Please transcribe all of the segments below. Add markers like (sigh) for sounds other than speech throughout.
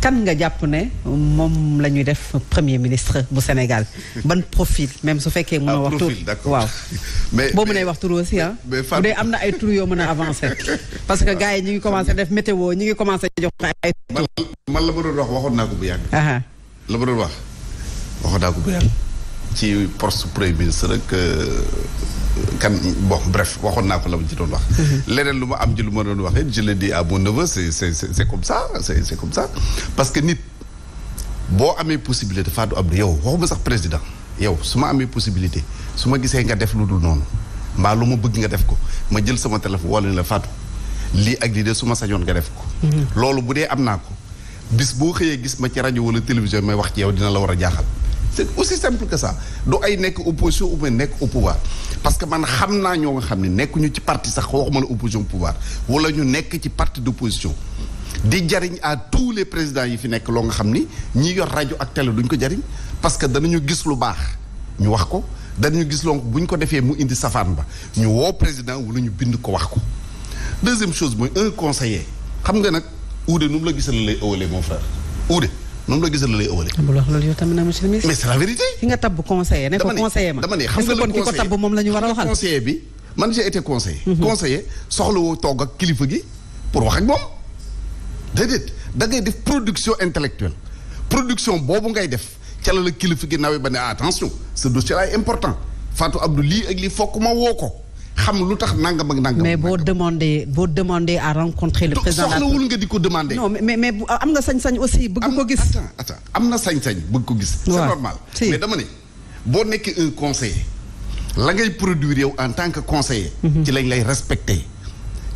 kan nga jàpp ne moom la ñuy def premier ministre bu Sénégal ban profil même su fekkee. mën a ah, wax tur waaw. (laughs) mais boo mënee wax tur aussi ah. mais bu dee am na ay tur yoo mën a avancé. (laughs) parce que ah. gars yi ñu ngi commencé def météo ñu ngi commencé jox ay man la ma doon wax waxoon naa ko bu yàgg. Ah, la ma doon wax waxoon naa ko bu yàgg. ci poste premier ministre rek. Euh, kan bon bref waxoon naa ko la ma ci doon wax. Mhm. leneen lu ma am ci lu ma doon waxee je le dis à mon neveu c'est c'est c'est comme ça c'est parce que nit boo amee possibilité Fatou Abdou yow waxuma sax président yow su ma amee possibilité su ma gisee nga def lu dul noonu mbaa lu ma bëgg nga def ko ma jël sama téléphone wala la Fatou lii ak lii de su ma sañoon nga def ko. Mhm. loolu bu dee am naa ko bis boo xëyee gis ma ci rajo wala télévision may wax ci yow dina la war a jaaxal. c'est aussi simple que ça du ay nekk opposition ou bien nekk au pouvoir parce que man xam naa ñoo nga xam ni nekkuñu ci parti sax waxuma la opposition pouvoir wala ñu nekk ci parti d'opposition di jariñ à tous les présidents yi fi nekk loo nga xam ni ñi yor rajo ak télé duñ ko jariñ parce que danañu gis lu baax ñu wax ko danañu gis lonk bu ñu ko defee mu indi safaan ba ñu woo président wala ñu bind ko wax ko deuxième chose mooy un conseiller xam nga nag Oudé nu mu la gisal lay ëwalee mon frère Oudé noonu la gisal la lay ëwale. amul ah, wax loolu yow tamit na monsieur le ministre. mais c'est la vérité. fi nga tabb conseiller ne conseiller man j'ai été conseiller. Mhm. conseiller soxla woo toog ak kilifa gi pour wax ak moom. déedéet da ngay def production intellectuelle production boobu ngay def ca la kilifa gi nawe ba ne attention ce dossier là est important Fatou Abdou lii ak lii fokk ma woo ko. xam lu tax nangam ak nangam. mais boo demandé boo demandé à rencontrer le président de la nga di ko demandé. non mais mais am na sañ-sañ aussi bëgg ko gis. attends attends am na sañ-sañ bëgg ko gis. c'est normal mais dama ne boo nekkee un la ngay produire yow en tant que conseiller. Mhm. ci lañ lay respecté.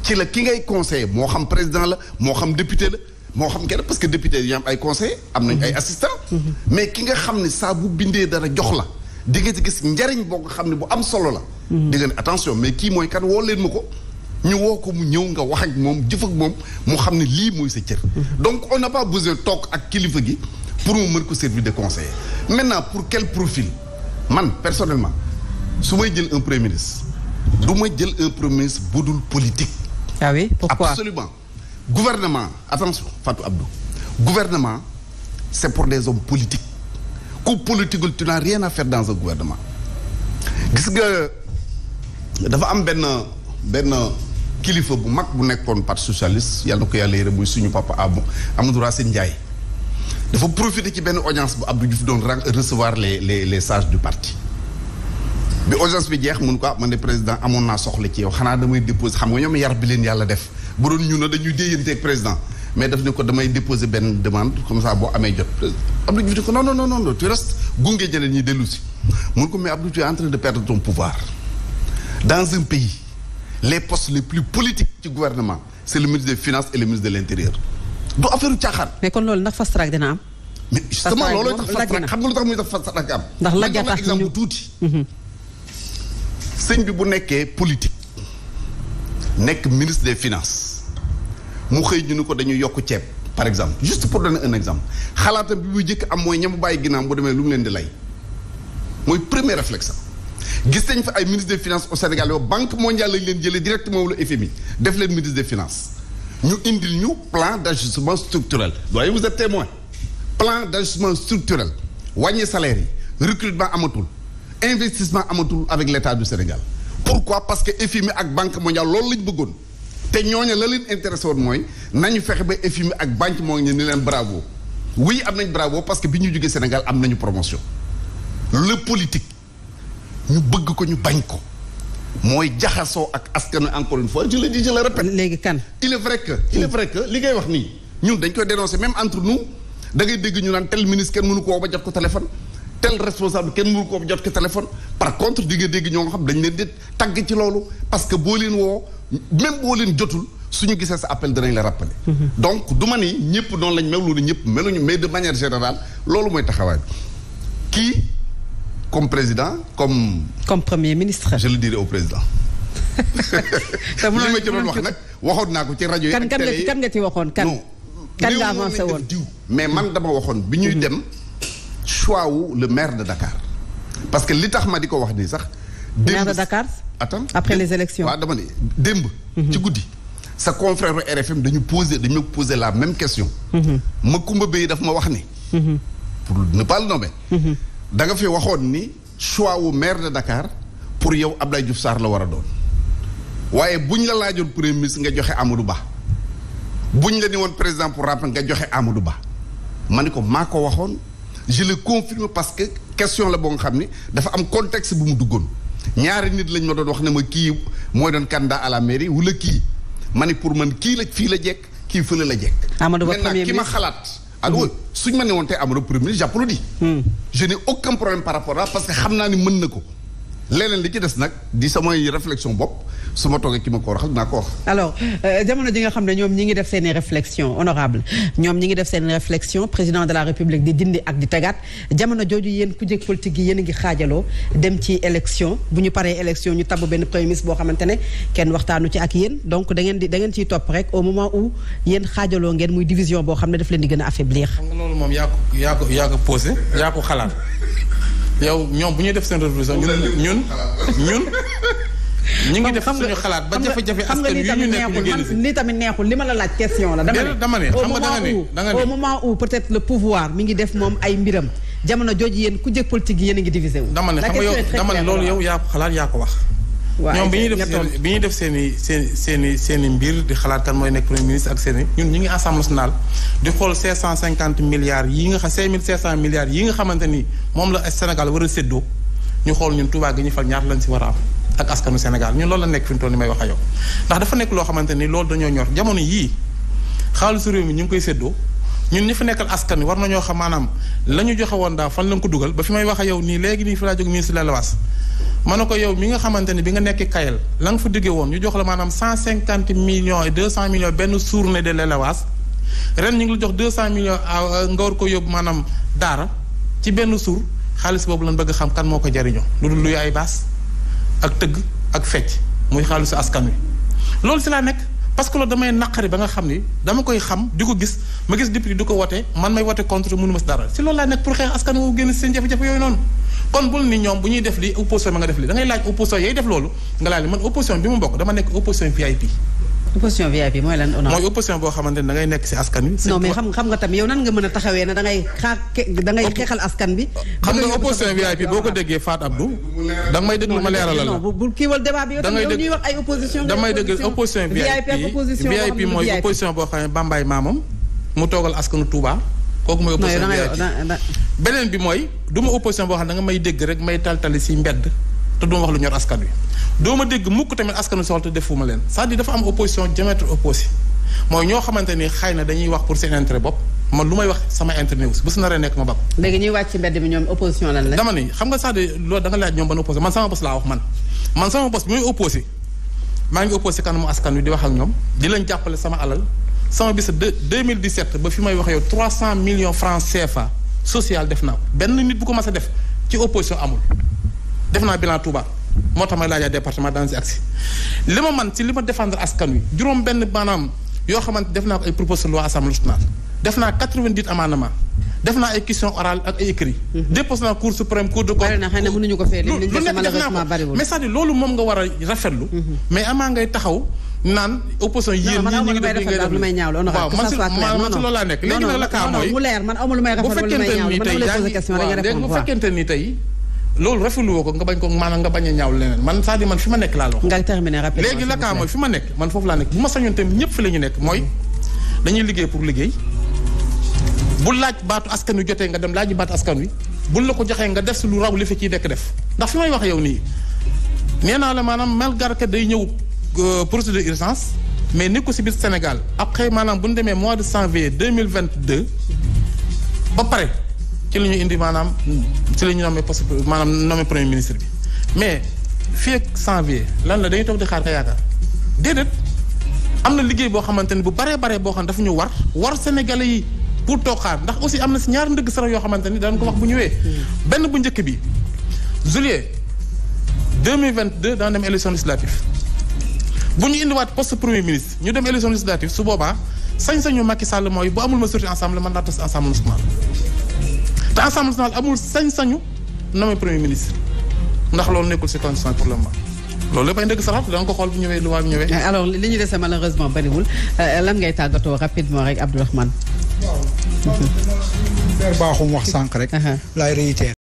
ci la ki ngay conseiller moo xam président la moo xam député la. moo xam kenn parce que député yi am ay conseillers am nañ ay mhm. assistants. Mhm. mais ki nga xam ne saa bu bindee dara jox la di nga ci gis njariñ boo nga xam ne bu am solo la Mm-hmm. di nga ne attention mais kii mooy kan woo leen ma ko ñu woo ko mu ñëw nga wax ak moom jëf ak moom mu xam ne lii mooy sa cër. Mm-hmm. donc on n'a pas besoin toog ak kilifa gi pour mu mën ko servir de conseiller maintenant pour quel profil man personnellement su may jël un premier ministre du ma jël un premier ministre bu dul politique. ah oui pourquoi absolument gouvernement attention Fatou Abdou gouvernement c'est pour des hommes politiques ku politiqueul tu n'as rien à faire dans un gouvernement dafa am benn benn kilifa bu mag bu nekkoon parti socialiste yàlla na ko yàlla yére muy suñu papa Abou Amadou Racine Ndiaye dafa profité ci benn audience bu Abdou Diouf doon recevoir les les les sages parti bi audience bi mun ko ah man de président amoon naa soxla ci yow xanaa damay déposer xam nga ñoom yar bi leen yàlla def bu doon ñu a dañuy déyanteeg président mais daf ne ko damay déposer benn demande comme ça boo amee jot président Abdou Diouf ne ko non non non non gunge ñeneen ñi dellu si mun ko mais Abdou tu es en train de perdre ton pouvoir. dans un pays les postes les plus politique ci gouvernement c'est le ministre des finances et le ministre de l'intérieur du affaire caaxaan. mais kon loolu ndax fast track dina am. fast track looloo tax fast track xam nga lu tax muy tax fast track am. ndax la tax exemple tuuti. Mhm. sëñ bi bu nekkee politique nekk ministre des finance mu xëy ñu ni ko dañuy yokk ceeb par exemple juste pour donner un exemple xalaatam bi buy njëkk am mooy ñamu bàyyi ginnaaw bu demee lu mu leen di lay mooy premier réflexe gis nañ fa ay ministre des finance au Sénégal yow banque mondiale lañ leen jëlee directement wala FMI def leen ministre des finances ñu indil ñu plan d' ajustement structurel doyen vous êtes témoin plan d' ajustement structurel wàññi salaire yi recrutement amatul investissement amatul avec l' état du Sénégal pourquoi parce que FMI ak banque mondiale loolu lañ bëggoon te ñooñu la leen intéressé woon mooy nañu fexe ba FMI ak banque mooy ni leen bravo oui am nañ bravo parce que bi ñu jógee Sénégal am nañu promotion le politique ñu bëgg ko ñu bañ ko mooy jaxasoo ak askan encore une fois je le dis je le répète. léegi kan. il est que il est vrai que li ngay wax nii ñun dañ koy dénoncer même entre nous da dégg ñu naan tel ministre kenn mënu ko woo ba jot ko téléphone. tel responsable kenn mënu ko jot ko téléphone par contre di nga dégg ñoo nga xam dañ leen di tàgg ci loolu parce que boo leen woo même boo leen jotul su ñu gisee sa appel danañ la rappeler. Mhm. donc du ni ñëpp noonu lañ mel loolu ñëpp meluñu mais de manière générale loolu mooy taxawaay bi kii. comme président comme. comme premier ministre. je le dirai au président. (laughs) te li ma ci wax nag waxoon naa ko ci rajo yi. ak télé yi kan nga ci waxoon kan. nga avancé woon mais man dama waxoon bi ñuy mm-hmm. dem. choix wu le maire de Dakar. parce que li tax ma di ko wax nii sax. maire de Dakar. attends après les élections waaw dama ne démb. Mm-hmm. ci guddi sa confrère RFM dañu poser dañu poser la même question. Mm-hmm. ma Kumba Bay daf ma wax ni. pour ne danga fi waxoon ni choix wu maire de Dakar pour yow ab Abdoulaye Diouf saar la war a doon waaye buñ la laajoon premier ministre nga joxe Amadou Ba buñ la ni woon président pour rappel nga joxe Amadou Ba ma ni ko maa ko waxoon je le confirme parce que question la boo nga xam ni dafa am contexte bu mu duggoon ñaari nit lañ ma doon wax ne ma kii mooy doon candidat à la mairie wala kii ma ni pour man kii la fii la jekk kii fële la jekk. Amadou Ba ki ma xalaat. alors suñu ma ne woon tey Amadou premier ministre j'applaudis hmm. je n'ai aucun problème par rapport à parce que xam naa ni mën na ko leneen li ci des nag di samay réflexion bopp su ma toogee ki ma ko a wax naa ko wax. alors euh, jamono ji nga xam ne ñoom ñi ngi def seen i réflexion honorable ñoom ñi ngi def seen réflexion président de la république di dindi ak di tegaat jamono jooju yéen ku jëkk politique yi yéen a ngi xaajaloo dem ci élection bu ñu paree élection ñu tabb benn premier ministre boo xamante ne kenn waxtaanu ci ak yéen donc dangeen ngeen di da ciy topp rek au moment où yéen xaajaloo ngeen muy division boo xam ne daf leen di gën a affaiblir. xam nga moom yaa ko yaa ko yaa ko posé yaa ko xalaat. yow ñoom bu ñuy def seen révolution ñun ñun ñun ñi ngi def suñu xalaat ba jafe-jafe askan yu ñu nekk ñu génn lii tamit neexul li ma la laaj question la dama ne xam nga danga ne danga ne au moment où peut-être le pouvoir mi ngi def moom ay mbiram jamono jooju yen ku jëkk politique yi yéen a ngi divisé wu dama ne xam nga yow dama ne loolu yow yaa ko xalaat yaa ko wax ñoom bi ñuy def seen bi ñuy def seen i seen seen i seen i mbir di xalaat kan mooy nekk premier ministre ak seen ñun ñu ngi assemblée nationale di xool cinq cent cinquante milliards yi nga xam cinq mille cinq cent milliards yi nga ni moom la Sénégal war a séddoo ñu xool ñun Touba gi ñu fal ñaata lañ si war a am ak askanu Sénégal ñun loolu la nekk fi mu toll ni may wax a yow ndax dafa nekk loo xamante ni loolu dañoo ñor jamono yii xaalisu réew mi ñu ngi koy séddoo ñun ñi fi nekkal askan wi war nañoo xam maanaam la ñu joxe woon daaw fan lañ ko dugal ba fi may wax yow nii léegi nii fi laa jóg ministre ne ko yow mi nga xamante ne bi nga nekk kayal la fa diggee woon jox la maanaam cent cinquante millions et deux cent millions benn journée de l'élevage ren ñu ngi la jox deux cent millions euh, nga war ko yóbbu maanaam daara ci benn suur xaalis boobu lan bëgg xam kan moo ko jariñoo lu dul luy ay baas ak tëgg ak fecc muy xaalisu askan wi loolu si laa nekk parce que loolu damay naqari ba nga xam ni dama koy xam di ko gis ma gis député di ko wote man may wote contre mënuma si dara si loolu laa nekk pour xeex askan woo génn seen jafe-jafe yooyu noonu kon bul ni ñoom bu ñuy def li opposition ma nga def li da ngay laaj opposition yay def loolu nga laaj man opposition bi mu bokk dama nekk opposition VIP opposition VIP mooy lan on mooy opposition boo xamante ne da ngay nekk si askan wi. non mais xam nga tam yow nan nga mën a taxawee ne da xeexal askan bi. xam nga opposition VIP boo ko déggee Fat Abdou. da nga may déglu ma leeralal la. bu kiiwal débat bi yow tam yow ñuy wax ay opposition. da ngay dégg opposition opposition VIP mooy opposition boo xam ne Bambaye maamam mu toogal askanu Touba. kooku mooy opposition beneen bi mooy du ma opposition boo xam ne da nga may dégg rek may taltali si mbedd te du ma wax lu ñor doo ma dégg mukk tamit askan wi soxla te defuma leen c'est-à-dire dafa am opposition diamétre ñoo xamante ni xëy na dañuy wax pour seen intérêt bopp man lu may wax sama intérêt aussi nekk ma bàq. léegi ñuy wàcc ci mbedd mi ñoom opposition lan la. dama ni xam nga c'est-à-dire loolu da nga laaj ñoom man sama bos laa wax man man sama bos bi muy opposé maa ngi opposé kanamu askan wi di wax ak ñoom di leen jàppale sama alal sama bis de 2017 ba fi may wax yow 300 millions francs CFA social def naa benn nit bu ko mas a def ci opposition amul. def naa bilan Touba moo tax may laajaa département dans si li ma man ci li ma défendre askan wi juróom benn maanaam yoo xamante def naa ko ay proposition loi assemblée mhm. de compte lu nekk def naa ko mais c'est-à-dire loolu moom nga war a rafetlu mhm. mais amaa ngay taxaw naan opposition yéen ñii ñu def li def lu may ñaaw la man si man si loolu laa nekk léegi nag la kaa mooy bu fekkente nii tey yaa ngi waaw léegi bu fekkente nii tey loolu rafetlu woo ko nga bañ ko maanaam nga bañee a ñaaw leneen man c'est-à-dire man fi ma nekk laa la wax. nga terminé rapidement léegi la kaa mooy fi ma nekk man foofu laa nekk bu ma sañoon tamit ñëpp fi la nekk mooy dañuy liggéey pour liggéey bu laaj baatu askan wi jotee nga dem laaj baatu askan wi buñ la ko joxee nga def si lu raw li fi ciy dekk def ndax fi may wax yow nii nee naa la maanaam malgré que day ñëw euh, procédure d'urgence mais ni ko si biit Sénégal après maanaam bu ñu demee mois de janvier deux mille vingt deux ba pare. ci la ñu indi maanaam ci la ñu nommé poste maanaam nommé premier ministre bi mais fii ak janvier lan la dañuy toog di xaar ka yaakaar déedéet am na liggéey boo xamante ne bu baree bare boo xam ne dafa ñu war war Sénégalais yi pour toog xaar ndax aussi am na si ñaari ndëgg sarax yoo xamante ni danañ ko wax bu ñëwee. Hmm. benn bu njëkk bi juillet deux mille vingt deux dana dem élection législative bu ñu indiwaat poste premier ministre ñu dem élection législative su boobaa sañ-sañu Macky Sall mooy bu amul majorité ensemble mandat tas ensemble national assemblée nationale amul sañ-sañu na nommé premier ministre ndax loolu nekkul si condition pour le loolu lépp ay ndëgg saxaat da xool bu ñëwee loi bi ñëwee. alors li ñu dese malheureusement bariwul lan ngay tàggatoo rapidement rek Abdourahmane. waaw baaxum wax sànq rek. laay réitère.